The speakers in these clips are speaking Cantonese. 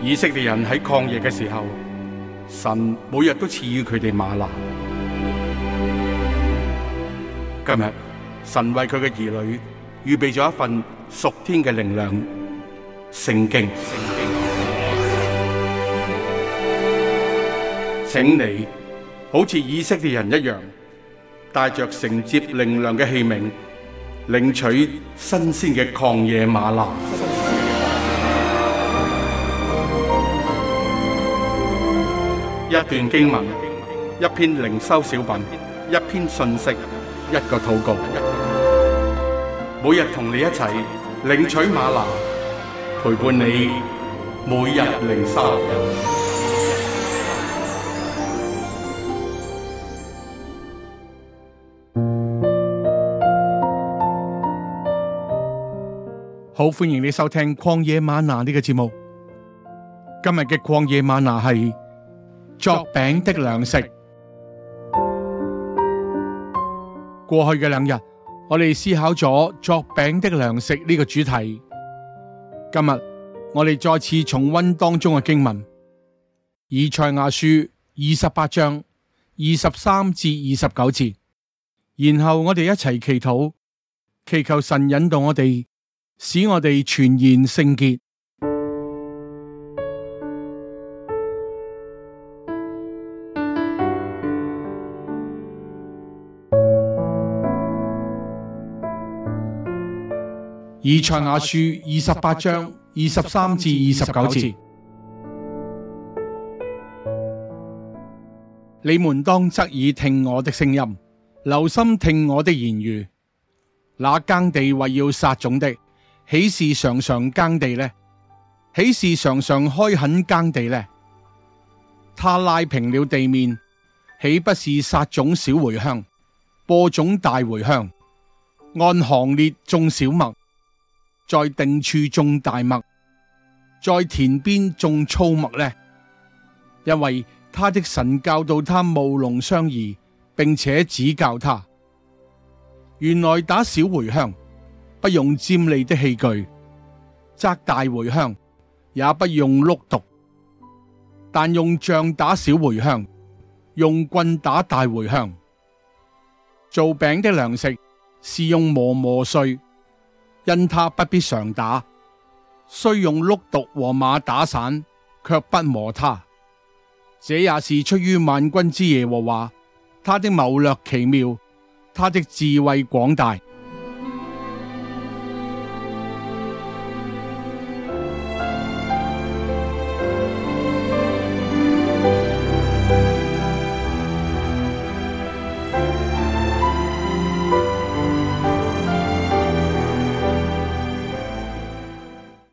以色列人喺曠野嘅時候，神每日都賜予佢哋嗎哪。今日，神為佢嘅兒女預備咗一份屬天嘅靈糧聖經。聖經請你好似以色列人一樣，帶着承接靈糧嘅器皿，領取新鮮嘅曠野嗎哪。一段經文，一篇靈修小品，一篇信息，一個禱告。每日同你一齊領取嗎哪，陪伴你每日靈修。好，歡迎你收聽曠野嗎哪呢個節目。今日嘅曠野嗎哪係。作餅的糧食。過去嘅兩日，我哋思考咗作餅的糧食呢個主題。今日我哋再次重溫當中嘅經文，以賽亞書二十八章二十三至二十九節。然後我哋一齊祈禱，祈求神引導我哋，使我哋傳言聖潔。以賽亞書二十八章二十三至二十九節：你們當側耳聽我的聲音，留心聽我的言語。那耕地為要撒種的，豈是常常耕地呢？豈是常常開墾耕地呢？他拉平了地面，豈不是撒種小茴香、播種大茴香，按行列種小麥？在定處種大麥，在田邊種粗麥呢？因為他的神教導他務農相宜，並且指教他。原來打小茴香不用尖利的器具，摘大茴香也不用碌碡，但用杖打小茴香，用棍打大茴香。做餅的糧食是用磨磨碎。因他不必常打，雖用碌碡和馬打散，卻不磨他。這也是出於萬軍之耶和華，他的謀略奇妙，他的智慧廣大。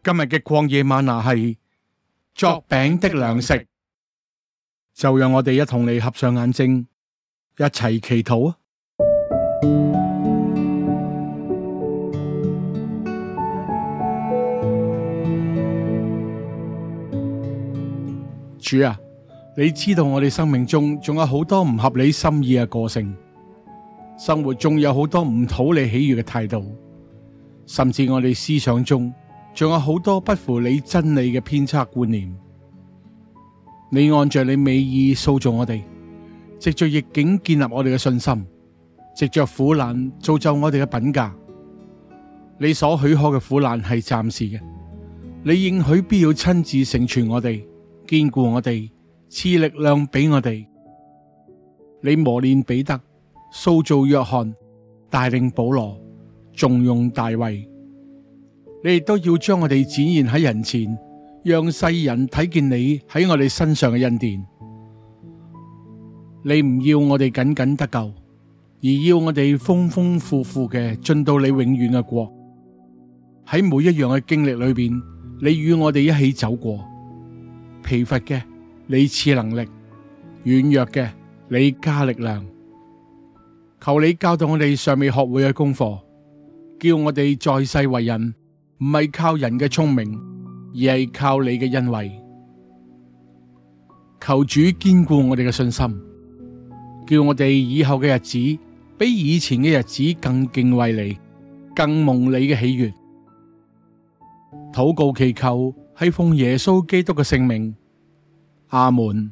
今日嘅曠野嗎哪係作餅的糧食，糧食就讓我哋一同你合上眼睛，一齊祈禱啊！主啊，你知道我哋生命中仲有好多唔合你心意嘅個性，生活中有好多唔討你喜悦嘅態度，甚至我哋思想中。仲有好多不符你真理嘅偏差觀念，你按著你美意塑造我哋，藉着逆境建立我哋嘅信心，藉着苦難造就我哋嘅品格。你所許可嘅苦難係暫時嘅，你應許必要親自成全我哋，堅固我哋，賜力量俾我哋。你磨練彼得，塑造約翰，帶領保羅，重用大衛。你都要將我哋展現喺人前，讓世人睇見你喺我哋身上嘅恩典。你唔要我哋僅僅得救，而要我哋豐豐富富嘅進到你永遠嘅國。喺每一樣嘅經歷裏邊，你與我哋一起走過。疲乏嘅你賜能力，軟弱嘅你加力量。求你教導我哋尚未學會嘅功課，叫我哋在世為人，唔係靠人嘅聰明，而係靠你嘅恩惠。求主堅固我哋嘅信心，叫我哋以後嘅日子比以前嘅日子更敬畏你，更蒙你嘅喜悅。禱告祈求係奉耶穌基督嘅聖名。阿門。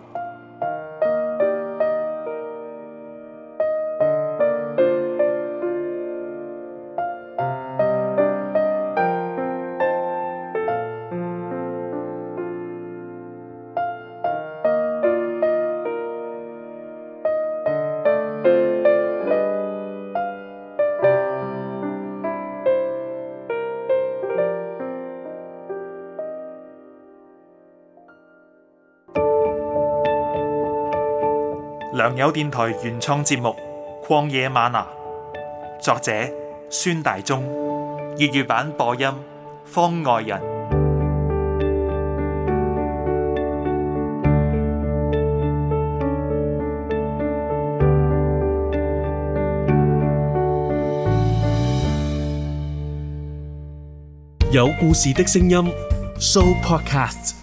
良友電台原創節目《曠野嗎哪》，作者孫大中，粵語版播音方外人，有故事的聲音，Show Podcast。